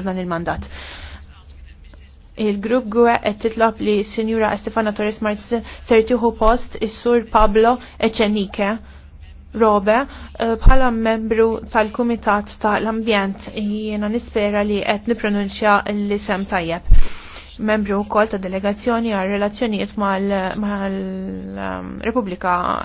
dan il-mandat. Il-grupp għuħa għed e titlop li Sinjura Estefana Torres Martz sertiħu post is-sur Pablo Ecenike Robe eh, bħala membru tal-Kumitat tal-Ambjent jiena nispera li qed nipronunċja l-isem tajjeb. Membru wkoll ta' delegazzjoni għal relazzjonijiet mal-Repubblika um,